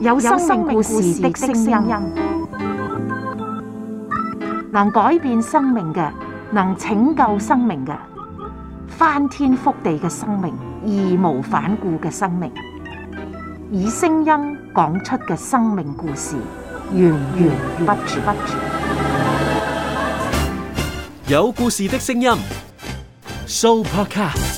有生命故事的聲音，能改變生命嘅，能拯救生命嘅，翻天覆地嘅生命，義無反顧嘅生命，以聲音講出嘅生命故事，源源不絕。有故事的聲音，Soupercast。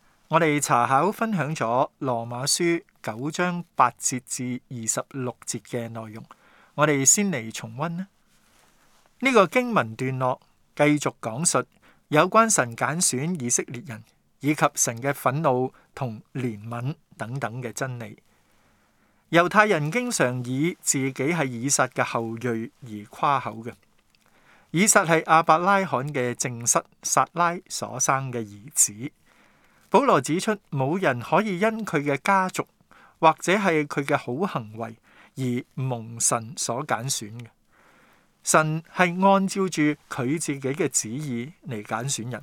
我哋查考分享咗羅馬書九章八節至二十六節嘅內容，我哋先嚟重溫啦。呢、這個經文段落繼續講述有關神揀選以色列人以及神嘅憤怒同憐憫等等嘅真理。猶太人經常以自己係以撒嘅後裔而誇口嘅。以撒係亞伯拉罕嘅正室撒拉所生嘅兒子。保羅指出，冇人可以因佢嘅家族或者係佢嘅好行為而蒙神所揀選嘅。神係按照住佢自己嘅旨意嚟揀選人。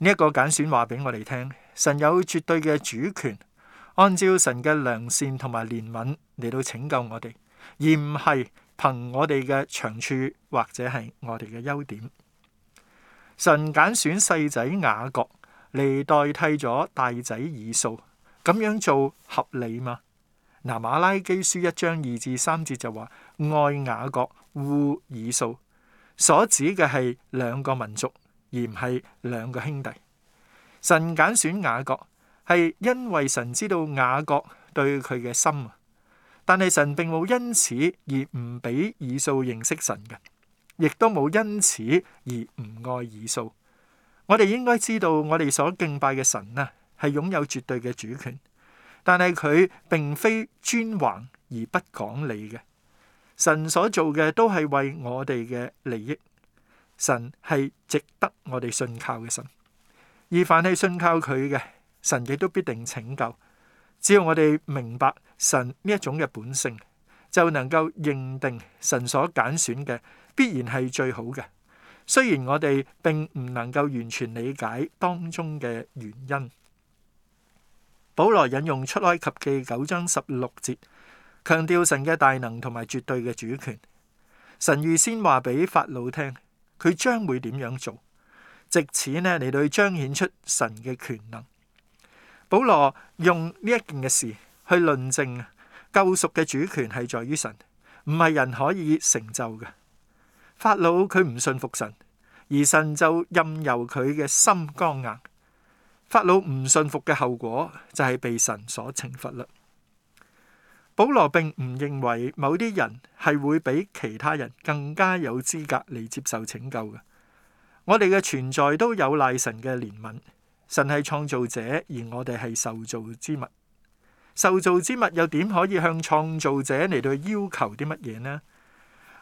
呢一個揀選話俾我哋聽，神有絕對嘅主權，按照神嘅良善同埋憐憫嚟到拯救我哋，而唔係憑我哋嘅長處或者係我哋嘅優點。神揀選細仔雅各，嚟代替咗大仔以掃，咁樣做合理嗎？嗱，馬拉基書一章二至三節就話，愛雅各，惡以掃，所指嘅係兩個民族，而唔係兩個兄弟。神揀選雅各，係因為神知道雅各對佢嘅心啊，但係神並冇因此而唔俾以掃認識神嘅，亦都冇因此而唔愛以掃。我哋應該知道，我哋所敬拜嘅神啊，係擁有絕對嘅主權，但係佢並非專橫而不講理嘅。神所做嘅都係為我哋嘅利益，神係值得我哋信靠嘅神。而凡係信靠佢嘅，神亦都必定拯救。只要我哋明白神呢一種嘅本性，就能夠認定神所揀選嘅必然係最好嘅。雖然我哋並唔能夠完全理解當中嘅原因，保羅引用出埃及記九章十六節，強調神嘅大能同埋絕對嘅主權。神預先話俾法老聽，佢將會點樣做，借此呢，嚟到去彰顯出神嘅權能。保羅用呢一件嘅事去論證，救贖嘅主權係在於神，唔係人可以成就嘅。法老佢唔信服神，而神就任由佢嘅心剛硬。法老唔信服嘅後果就係被神所懲罰嘞。保羅並唔認為某啲人係會比其他人更加有資格嚟接受拯救嘅。我哋嘅存在都有賴神嘅憐憫，神係創造者，而我哋係受造之物。受造之物又點可以向創造者嚟到要求啲乜嘢呢？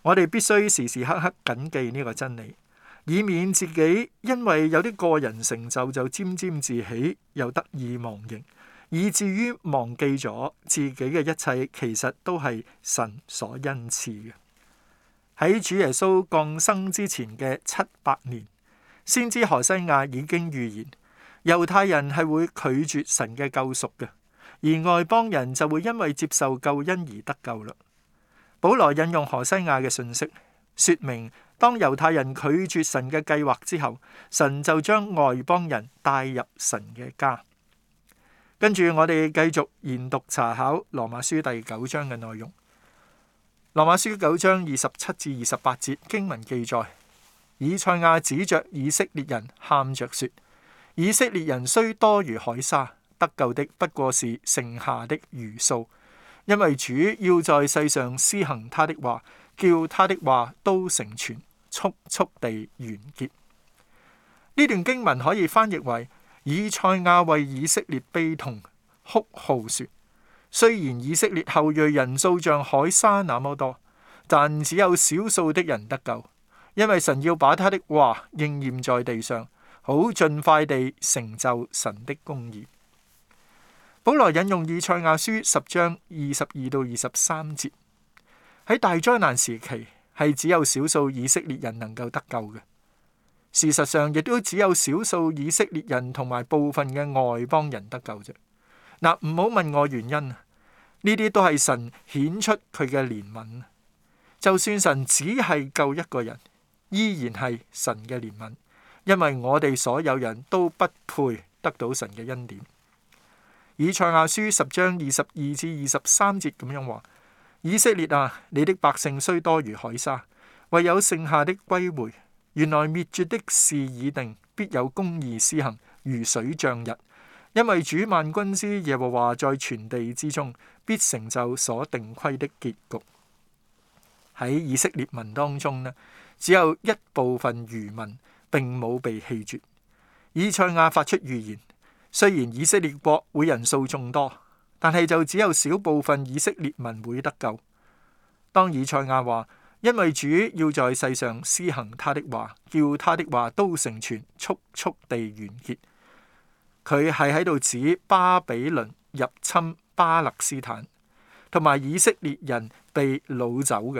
我哋必須時時刻刻謹記呢個真理，以免自己因為有啲個人成就就沾沾自喜，又得意忘形，以至於忘記咗自己嘅一切，其實都係神所恩賜嘅。喺主耶穌降生之前嘅七百年，先知何西亞已經預言，猶太人係會拒絕神嘅救贖嘅，而外邦人就會因為接受救恩而得救嘞。」保羅引用何西亞嘅信息，說明當猶太人拒絕神嘅計劃之後，神就將外邦人帶入神嘅家。跟住我哋繼續研讀查考羅馬書第九章嘅內容。羅馬書九章二十七至二十八節經文記載：「以賽亞指着以色列人喊着說，以色列人雖多如海沙，得救的不過是剩下的餘數。因為主要在世上施行他的話，叫他的話都成全，速速地完結。呢段經文可以翻譯為：以賽亞為以色列悲痛哭號說，雖然以色列後裔人數像海沙那麼多，但只有少數的人得救，因為神要把他的話應驗在地上，好盡快地成就神的公義。保羅引用以賽亞書十章二十二到二十三節，喺大災難時期係只有少數以色列人能夠得救嘅。事實上，亦都只有少數以色列人同埋部分嘅外邦人得救啫。嗱，唔好問我原因，呢啲都係神顯出佢嘅憐憫。就算神只係救一個人，依然係神嘅憐憫，因為我哋所有人都不配得到神嘅恩典。以賽亞書十章二十二至二十三節咁樣話：以色列啊，你的百姓雖多如海沙，唯有剩下的歸回。原來滅絕的事已定，必有公義施行，如水漲日。因為主萬軍之耶和華在全地之中，必成就所定規的結局。喺以色列民當中呢，只有一部分餘民並冇被棄絕。以賽亞發出預言。雖然以色列國會人數眾多，但係就只有少部分以色列民會得救。當以賽亞話，因為主要在世上施行他的話，叫他的話都成全，速速地完結。佢係喺度指巴比倫入侵巴勒斯坦，同埋以色列人被擄走嘅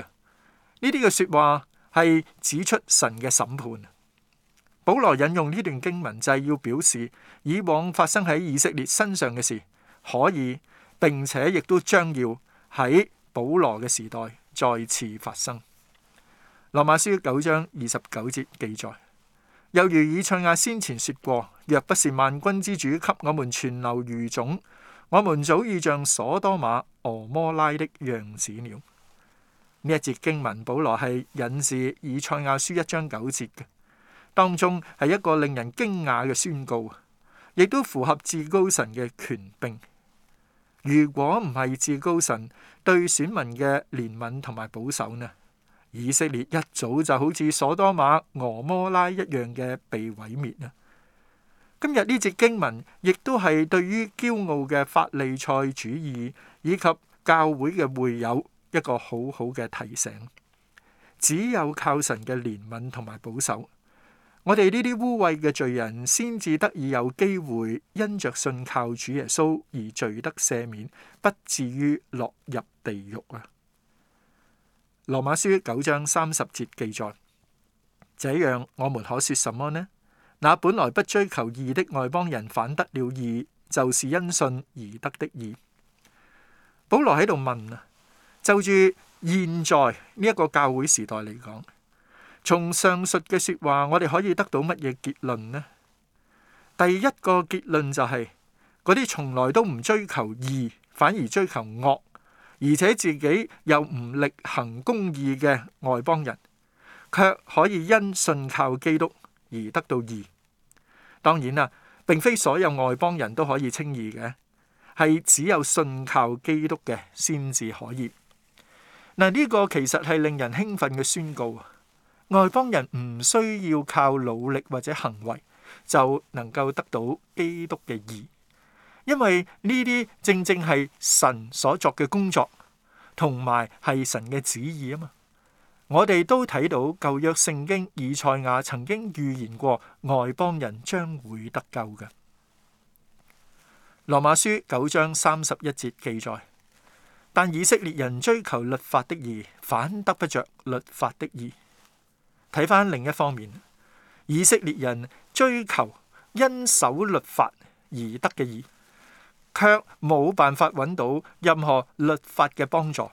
呢啲嘅說話，係指出神嘅審判。保羅引用呢段經文，就是要表示以往發生喺以色列身上嘅事，可以並且亦都將要喺保羅嘅時代再次發生。羅馬書九章二十九節記載：又如以賽亞先前說過，若不是萬軍之主給我們存留餘種，我們早已像所多瑪、俄摩拉的樣子了。呢一節經文，保羅係引自以賽亞書一章九節嘅。當中係一個令人驚訝嘅宣告，亦都符合至高神嘅權柄。如果唔係至高神對選民嘅憐憫同埋保守呢，以色列一早就好似所多瑪、俄摩拉一樣嘅被毀滅啊！今日呢節經文亦都係對於驕傲嘅法利賽主義以及教會嘅會友一個好好嘅提醒。只有靠神嘅憐憫同埋保守。我哋呢啲污穢嘅罪人，先至得以有機會因着信靠主耶穌而罪得赦免，不至於落入地獄啊！羅馬書九章三十節記載：這樣我們可說什麼呢？那本來不追求義的外邦人，反得了義，就是因信而得的義。保羅喺度問啊，就住現在呢一個教會時代嚟講。從上述嘅説話，我哋可以得到乜嘢結論呢？第一個結論就係嗰啲從來都唔追求義，反而追求惡，而且自己又唔力行公義嘅外邦人，卻可以因信靠基督而得到義。當然啦，並非所有外邦人都可以稱義嘅，係只有信靠基督嘅先至可以嗱。呢個其實係令人興奮嘅宣告。外邦人唔需要靠努力或者行為就能夠得到基督嘅義，因為呢啲正正係神所作嘅工作，同埋係神嘅旨意啊嘛，我哋都睇到舊約聖經以賽亞曾經預言過外邦人將會得救嘅。羅馬書九章三十一節記載，但以色列人追求律法的義，反得不着律法的義。睇翻另一方面，以色列人追求因守律法而得嘅義，卻冇辦法揾到任何律法嘅幫助，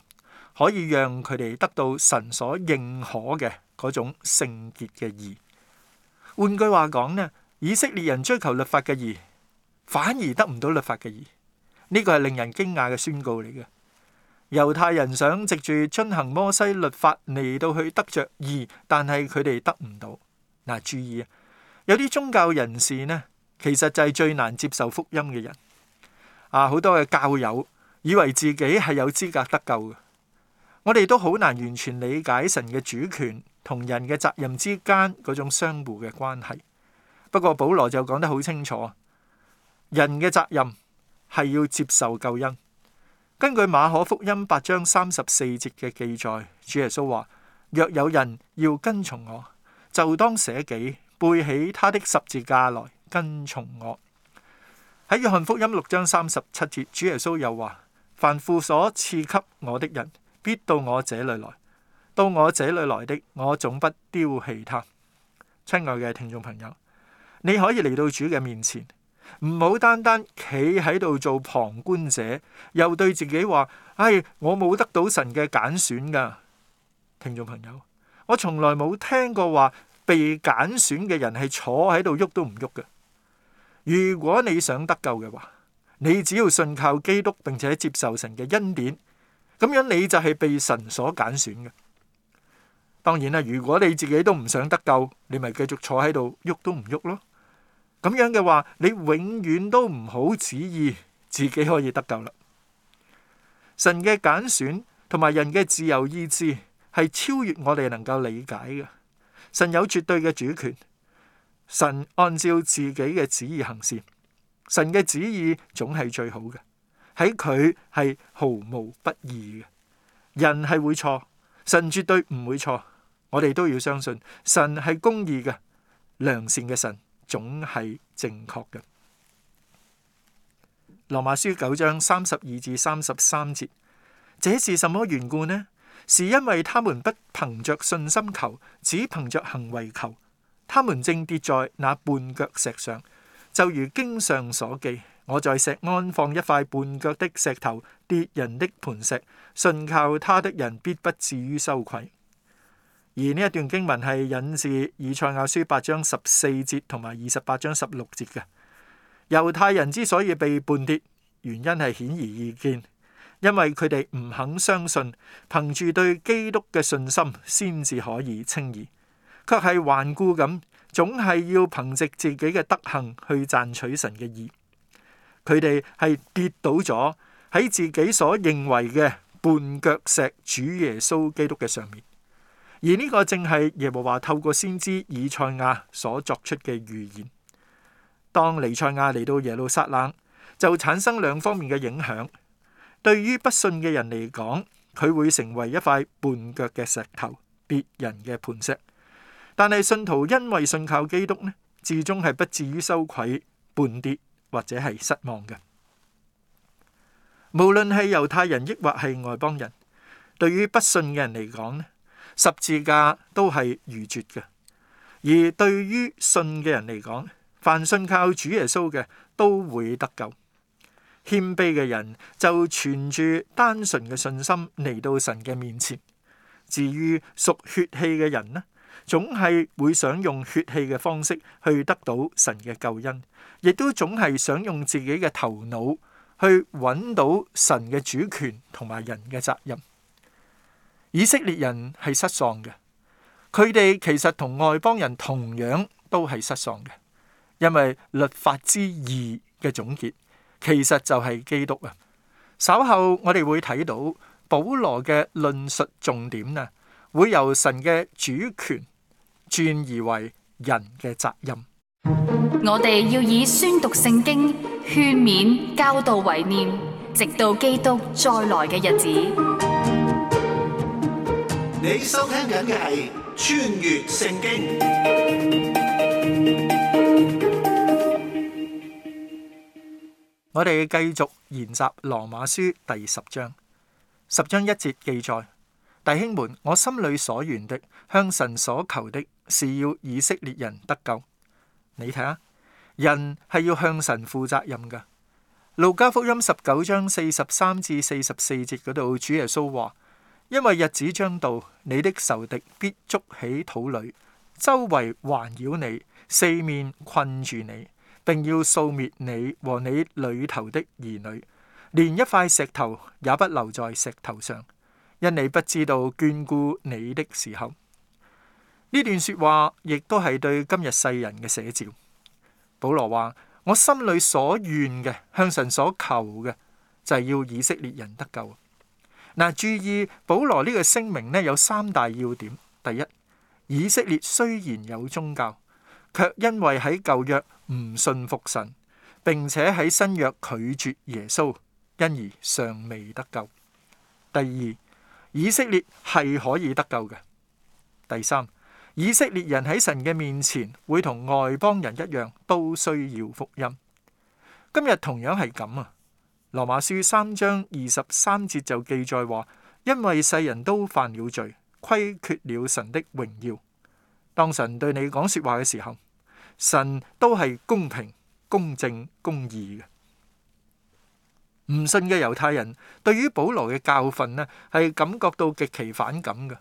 可以讓佢哋得到神所認可嘅嗰種聖潔嘅義。換句話講呢，以色列人追求律法嘅義，反而得唔到律法嘅義。呢、呢個係令人驚訝嘅宣告嚟嘅。猶太人想藉住遵行摩西律法嚟到去得着義，但係佢哋得唔到。嗱，啊，注意啊，有啲宗教人士呢，其實就係最難接受福音嘅人。啊，好多嘅教友以為自己係有資格得救嘅，我哋都好難完全理解神嘅主權同人嘅責任之間嗰種相互嘅關係。不過，保羅就講得好清楚，人嘅責任係要接受救恩。根據馬可福音八章三十四節嘅記載，主耶穌話：若有人要跟從我，就當捨己，背起他的十字架來跟從我。喺約翰福音六章三十七節，主耶穌又話：凡父所賜給我的人，必到我這裏來；到我這裏來的，我總不丟棄他。親愛嘅聽眾朋友，你可以嚟到主嘅面前。唔好單單企喺度做旁觀者，又對自己話：唉、哎，我冇得到神嘅揀選㗎。聽眾朋友，我從來冇聽過話被揀選嘅人係坐喺度喐都唔喐嘅。如果你想得救嘅話，你只要信靠基督，並且接受神嘅恩典，咁樣你就係被神所揀選嘅。當然啦，如果你自己都唔想得救，你咪繼續坐喺度喐都唔喐咯。咁樣嘅話，你永遠都唔好旨意自己可以得救啦。神嘅揀選同埋人嘅自由意志係超越我哋能夠理解嘅。神有絕對嘅主權，神按照自己嘅旨意行事，神嘅旨意總係最好嘅，喺佢係毫無不義嘅。人係會錯，神絕對唔會錯。我哋都要相信神係公義嘅良善嘅神。總係正確嘅。羅馬書九章三十二至三十三節，這是什麼緣故呢？是因為他們不憑着信心求，只憑着行為求。他們正跌在那絆腳石上，就如經上所記：我在石安放一塊絆腳的石頭，跌人的磐石，信靠他的人必不至於羞愧。而呢一段經文係引自以賽亞書八章十四節同埋二十八章十六節嘅。猶太人之所以被絆跌，原因係顯而易見，因為佢哋唔肯相信，憑住對基督嘅信心先至可以稱義，却係頑固咁，總係要憑藉自己嘅德行去賺取神嘅義。佢哋係跌倒咗喺自己所認為嘅絆腳石主耶穌基督嘅上面。而呢個正係耶和華透過先知以賽亞所作出嘅預言。當彌賽亞嚟到耶路撒冷，就產生兩方面嘅影響。對於不信嘅人嚟講，佢會成為一塊絆腳嘅石頭，別人嘅磐石。但係信徒因為信靠基督呢，至終係不至於羞愧、絆跌或者係失望嘅。無論係猶太人抑或係外邦人，對於不信嘅人嚟講咧。十字架都係愚拙嘅。而對於信嘅人嚟講，凡信靠主耶穌嘅都會得救。謙卑嘅人就存住單純嘅信心嚟到神嘅面前。至於屬血氣嘅人呢，總係會想用血氣嘅方式去得到神嘅救恩，亦都總係想用自己嘅頭腦去揾到神嘅主權同埋人嘅責任。以色列人係失喪嘅，佢哋其實同外邦人同樣都係失喪嘅，因為律法之義嘅總結，其實就係基督啊。稍後我哋會睇到保羅嘅論述重點咧，會由神嘅主權轉移為人嘅責任。我哋要以宣讀聖經、勸勉、教導、為念，直到基督再來嘅日子。你收聽緊嘅係穿越聖經，我哋繼續研習羅馬書第十章。十章一節記載：弟兄們，我心裏所願的，向神所求的，是要以色列人得救。你睇下，人係要向神負責任噶。路加福音十九章四十三至四十四節嗰度，主耶穌話：因為日子將到，你的仇敵必築起土壘，周圍環繞你，四面困住你，並要掃滅你和你裏頭的兒女，連一塊石頭也不留在石頭上，因你不知道眷顧你的時候。呢段說話亦都係對今日世人嘅寫照。保羅話：我心裏所願嘅，向神所求嘅，就係要以色列人得救。嗱，注意保羅呢個聲明呢，有三大要點：第一，以色列雖然有宗教，卻因為喺舊約唔信服神，並且喺新約拒絕耶穌，因而尚未得救；第二，以色列係可以得救嘅；第三，以色列人喺神嘅面前會同外邦人一樣，都需要福音。今日同樣係咁啊！羅馬書三章二十三節就記載話，因為世人都犯了罪，虧缺了神的榮耀。當神對你講說話嘅時候，神都係公平、公正、公義嘅。唔信嘅猶太人對於保羅嘅教訓呢，係感覺到極其反感嘅。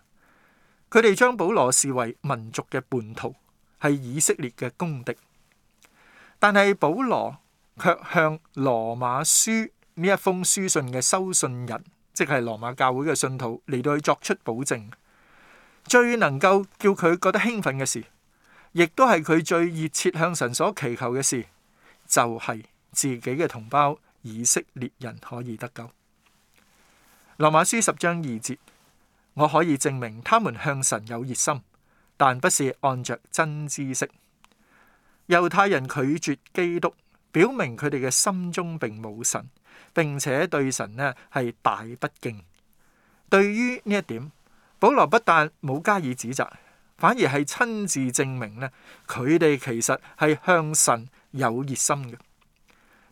佢哋將保羅視為民族嘅叛徒，係以色列嘅公敵。但係保羅卻向羅馬書，呢一封書信嘅收信人，即係羅馬教會嘅信徒嚟到作出保證，最能夠叫佢覺得興奮嘅事，亦都係佢最熱切向神所祈求嘅事，就係自己嘅同胞以色列人可以得救。羅馬書十章二節，我可以證明他們向神有熱心，但不是按着真知識。猶太人拒絕基督，表明佢哋嘅心中並冇神。並且對神呢係大不敬。對於呢一點，保羅不但冇加以指責，反而係親自證明呢，佢哋其實係向神有熱心嘅。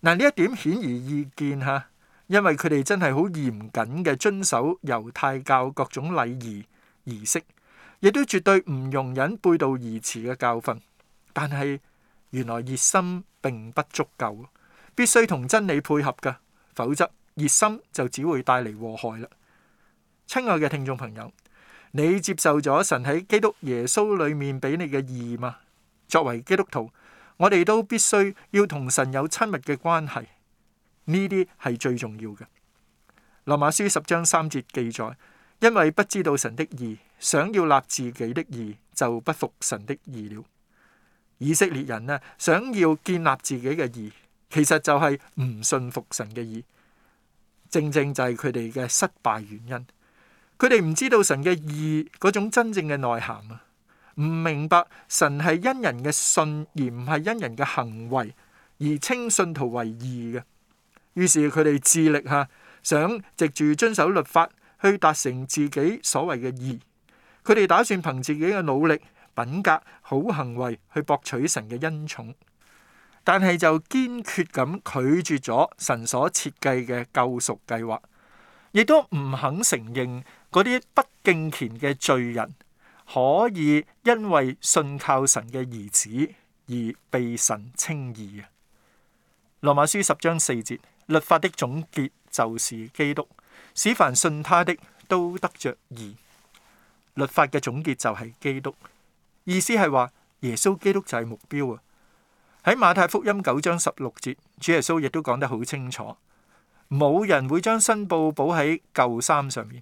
嗱，呢一點顯而易見吓，因為佢哋真係好嚴謹嘅遵守猶太教各種禮儀儀式，亦都絕對唔容忍背道而馳嘅教訓。但係原來熱心並不足夠，必須同真理配合噶。否則熱心就只會帶嚟禍害啦。親愛嘅聽眾朋友，你接受咗神喺基督耶穌裏面俾你嘅義嗎？作為基督徒，我哋都必須要同神有親密嘅關係，呢啲係最重要嘅。羅馬書十章三節記載：「因為不知道神的義，想要立自己的義，就不服神的義了。」以色列人呢，想要建立自己嘅義。其實就係唔信服神嘅義，正正就係佢哋嘅失敗原因。佢哋唔知道神嘅義嗰種真正嘅內涵啊，唔明白神係因人嘅信而唔係因人嘅行為而稱信徒為義嘅。於是佢哋致力吓，想藉住遵守律法去達成自己所謂嘅義。佢哋打算憑自己嘅努力、品格、好行為去博取神嘅恩寵。但係就堅決咁拒絕咗神所設計嘅救贖計劃，亦都唔肯承認嗰啲不敬虔嘅罪人可以因為信靠神嘅兒子而被神稱義啊。羅馬書十章四節，律法的總結就是基督，使凡信他的都得着義。律法嘅總結就係基督，意思係話耶穌基督就係目標啊。喺馬太福音九章十六節，主耶穌亦都講得好清楚，冇人會將新布補喺舊衫上面，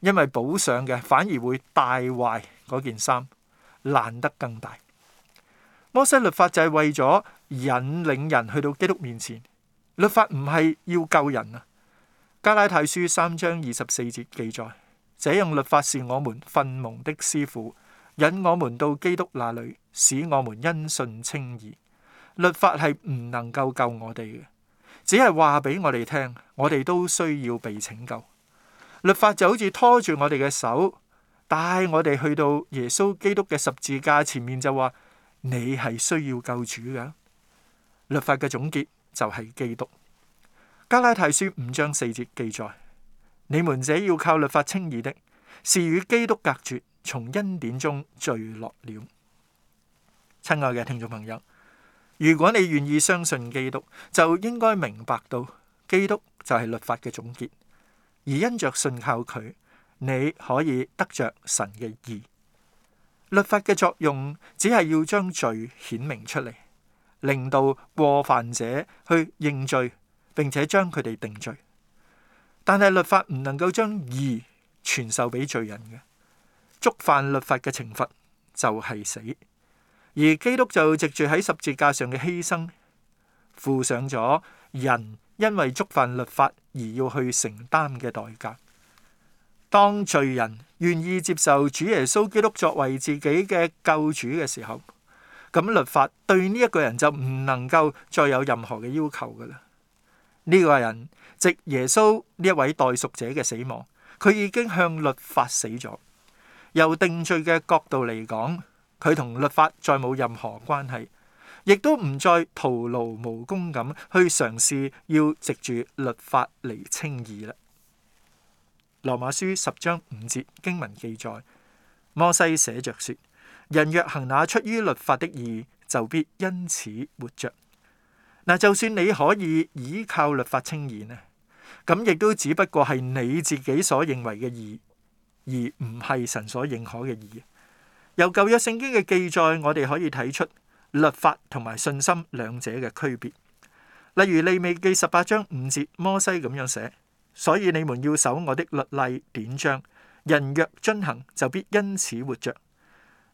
因為補上嘅反而會帶壞嗰件衫，爛得更大。摩西律法就係為咗引領人去到基督面前，律法唔係要救人啊。加拉太書三章二十四節記載：這樣律法是我們訓蒙的師傅，引我們到基督那裏，使我們因信稱義。律法係唔能夠救我哋嘅，只係話俾我哋聽，我哋都需要被拯救。律法就好似拖住我哋嘅手，帶我哋去到耶穌基督嘅十字架前面就，就話你係需要救主嘅。律法嘅總結就係基督。加拉太書五章四節記載：你們這要靠律法稱義的，是與基督隔絕，從恩典中墜落了。親愛嘅聽眾朋友。如果你願意相信基督，就應該明白到基督就係律法嘅總結，而因着信靠佢，你可以得着神嘅義。律法嘅作用只係要將罪顯明出嚟，令到過犯者去認罪，並且將佢哋定罪。但係律法唔能夠將義傳授俾罪人嘅，觸犯律法嘅懲罰就係死。而基督就藉住喺十字架上嘅犧牲，付上咗人因為觸犯律法而要去承擔嘅代價。當罪人願意接受主耶穌基督作為自己嘅救主嘅時候，咁律法對呢一個人就唔能夠再有任何嘅要求噶啦。呢、這個人藉耶穌呢一位代贖者嘅死亡，佢已經向律法死咗。由定罪嘅角度嚟講。佢同律法再冇任何關係，亦都唔再徒勞無功咁去嘗試要藉住律法嚟稱義啦。羅馬書十章五節經文記載，摩西寫着說：人若行那出於律法的義，就必因此活着。嗱，就算你可以倚靠律法稱義呢，咁亦都只不過係你自己所認為嘅義，而唔係神所認可嘅義。由舊約聖經嘅記載，我哋可以睇出律法同埋信心兩者嘅區別。例如，利未記十八章五節，摩西咁樣寫：所以你們要守我的律例典章，人若遵行，就必因此活着。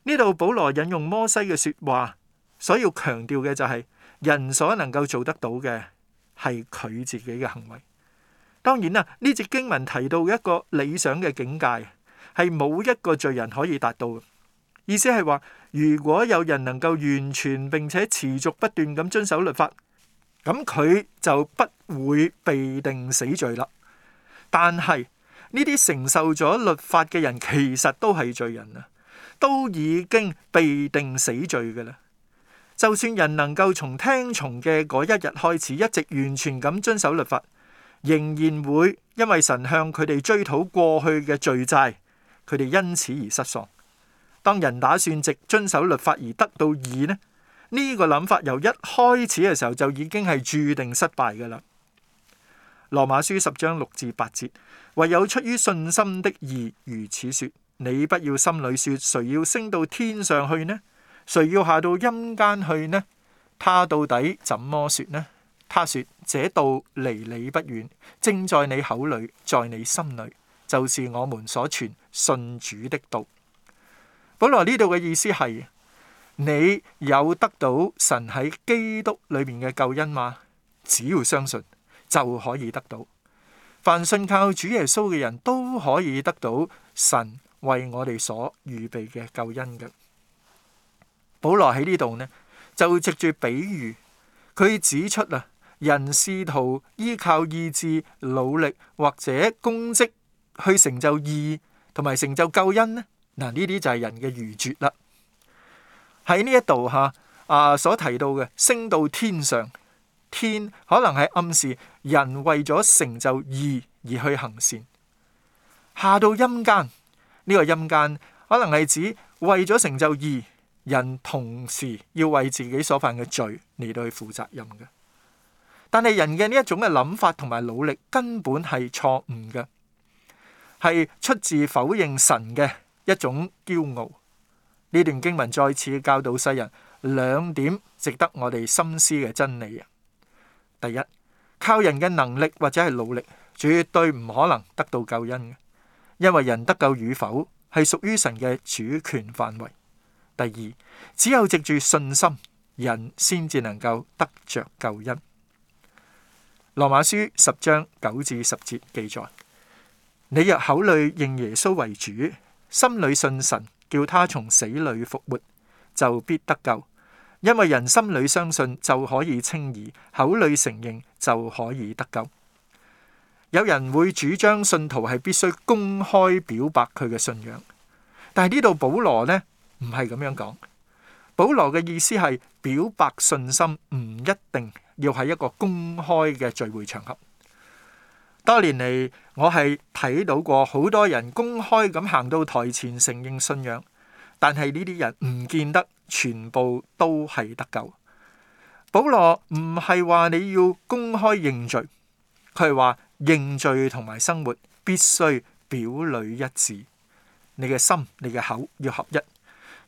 呢度保羅引用摩西嘅說話，所要強調嘅就係、是、人所能夠做得到嘅係佢自己嘅行為。當然啦，呢節經文提到一個理想嘅境界，係冇一個罪人可以達到。意思係話，如果有人能夠完全並且持續不斷咁遵守律法，咁佢就不會被定死罪啦。但係呢啲承受咗律法嘅人，其實都係罪人啊，都已經被定死罪噶啦。就算人能夠從聽從嘅嗰一日開始，一直完全咁遵守律法，仍然會因為神向佢哋追討過去嘅罪債，佢哋因此而失喪。當人打算藉遵守律法而得到義呢，呢、呢個諗法由一開始嘅時候就已經係注定失敗㗎喇。羅馬書十章六至八節，唯有出於信心的義，如此説：你不要心裏説，誰要升到天上去呢？誰要下到陰間去呢？他到底怎麼説呢？他説：這道離你不遠，正在你口裏，在你心裏，就是我們所傳信主的道。保羅呢度嘅意思係：你有得到神喺基督裏面嘅救恩嗎？只要相信就可以得到。凡信靠主耶穌嘅人都可以得到神為我哋所預備嘅救恩嘅。保羅喺呢度呢就藉住比喻，佢指出啊，人試圖依靠意志、努力或者功績去成就義同埋成就救恩呢？嗱，呢啲就係人嘅愚拙啦。喺呢一度，吓啊，所提到嘅升到天上，天可能係暗示人為咗成就義而去行善；下到陰間，呢個陰間可能係指為咗成就義，人同時要為自己所犯嘅罪嚟到去負責任嘅。但係人嘅呢一種嘅諗法同埋努力根本係錯誤嘅，係出自否認神嘅。一種驕傲呢段經文再次教導世人兩點值得我哋深思嘅真理啊。第一，靠人嘅能力或者係努力，絕對唔可能得到救恩嘅，因為人得救與否係屬於神嘅主權範圍。第二，只有藉住信心，人先至能夠得着救恩。羅馬書十章九至十節記載：你若口裡認耶穌為主。心裏信神，叫他從死裏復活，就必得救。因為人心裏相信，就可以稱義，口裏承認，就可以得救。有人會主張信徒係必須公開表白佢嘅信仰，但係呢度保羅呢唔係咁樣講。保羅嘅意思係表白信心唔一定要喺一個公開嘅聚會場合。多年嚟，我係睇到過好多人公開咁行到台前承認信仰，但係呢啲人唔見得全部都係得救。保羅唔係話你要公開認罪，佢係話認罪同埋生活必須表裏一致。你嘅心、你嘅口要合一，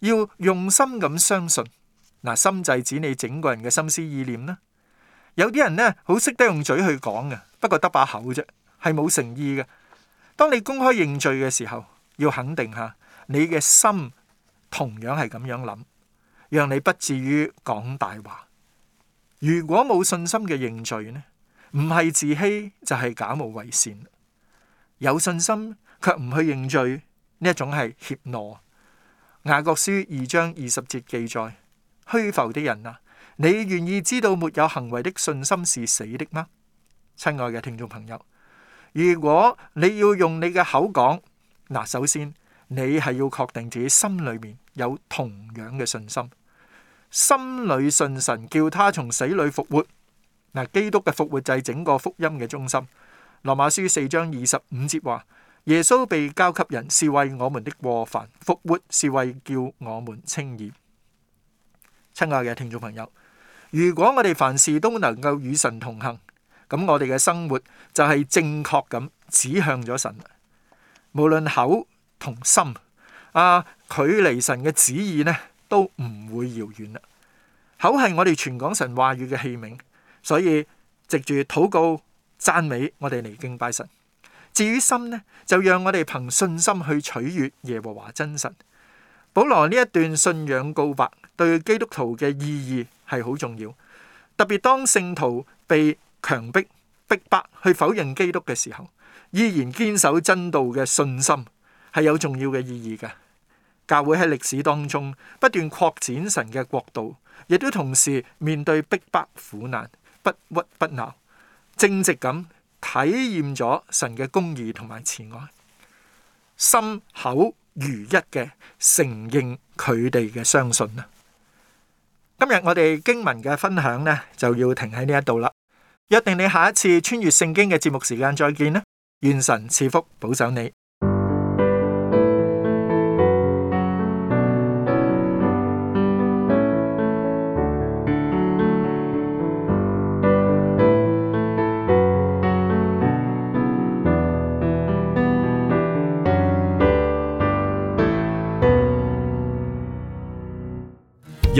要用心咁相信。嗱，心就指你整個人嘅心思意念啦。有啲人咧，好識得用嘴去講嘅，不過得把口啫，係冇誠意嘅。當你公開認罪嘅時候，要肯定下你嘅心同樣係咁樣諗，讓你不至於講大話。如果冇信心嘅認罪呢，唔係自欺就係假冒為善。有信心卻唔去認罪呢一種係怯懦。雅各書二章二十節記載：虛浮的人啊！你願意知道沒有行為的信心是死的嗎？親愛嘅聽眾朋友，如果你要用你嘅口講，嗱，首先你係要確定自己心裏面有同樣嘅信心，心裏信神，叫他從死裏復活。嗱，基督嘅復活就係整個福音嘅中心。羅馬書四章二十五節話：耶穌被交給人，是為我們的過犯；復活是為叫我們稱義。親愛嘅聽眾朋友。如果我哋凡事都能夠與神同行，咁我哋嘅生活就係正確咁指向咗神。無論口同心啊，距離神嘅旨意呢都唔會遙遠啦。口係我哋傳講神話語嘅器皿，所以藉住禱告讚美，我哋嚟敬拜神。至於心呢，就讓我哋憑信心去取悅耶和華真神。保羅呢一段信仰告白對基督徒嘅意義係好重要，特別當聖徒被強迫逼迫去否認基督嘅時候，依然堅守真道嘅信心係有重要嘅意義嘅。教會喺歷史當中不斷擴展神嘅國度，亦都同時面對逼迫苦難，不屈不撓，正直咁體驗咗神嘅公義同埋慈愛，心口如一嘅承認佢哋嘅相信啦。今日我哋經文嘅分享呢，就要停喺呢一度啦。約定你下一次穿越聖經嘅節目時間再見啦。願神賜福，保守你。